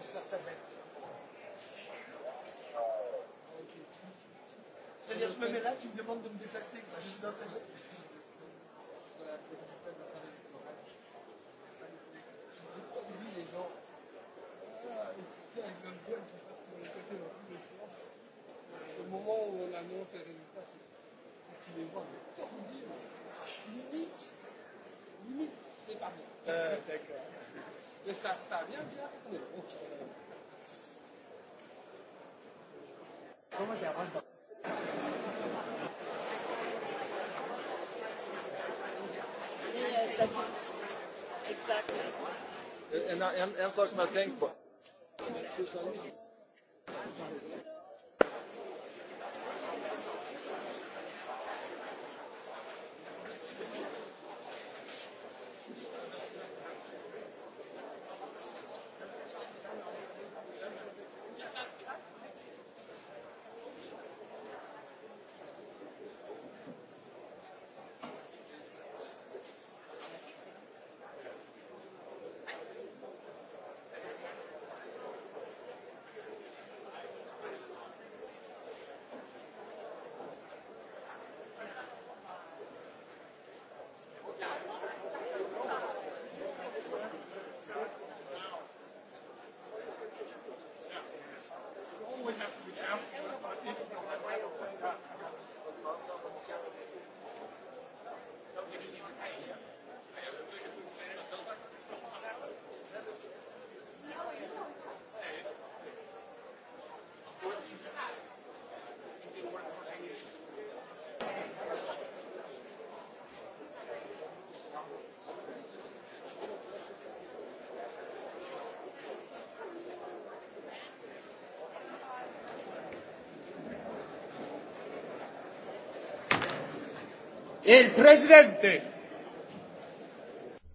C'est-à-dire, je me mets là, tu me demandes de me déplacer. Quoi. Je suis dans cette... Au moment où on annonce les résultats, c'est qu'il est voir tordu. Limite, limite, c'est pas bon. Euh, D'accord. Mais ça, ça vient bien. Exactly. And, I, and, and so can I think, but...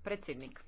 predsednik.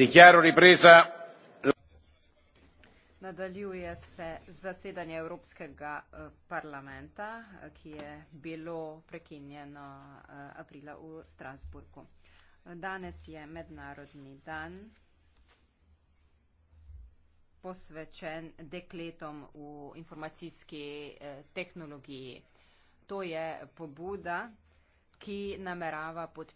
dichiaro ripresa nadaljuje se zasedanje evropskega eh, parlamenta eh, ki je bilo prekinjeno eh, aprila v strasbourgu danes je mednarodni dan posvečen dekletom v informacijski tehnologiji to je pobuda ki namerava podp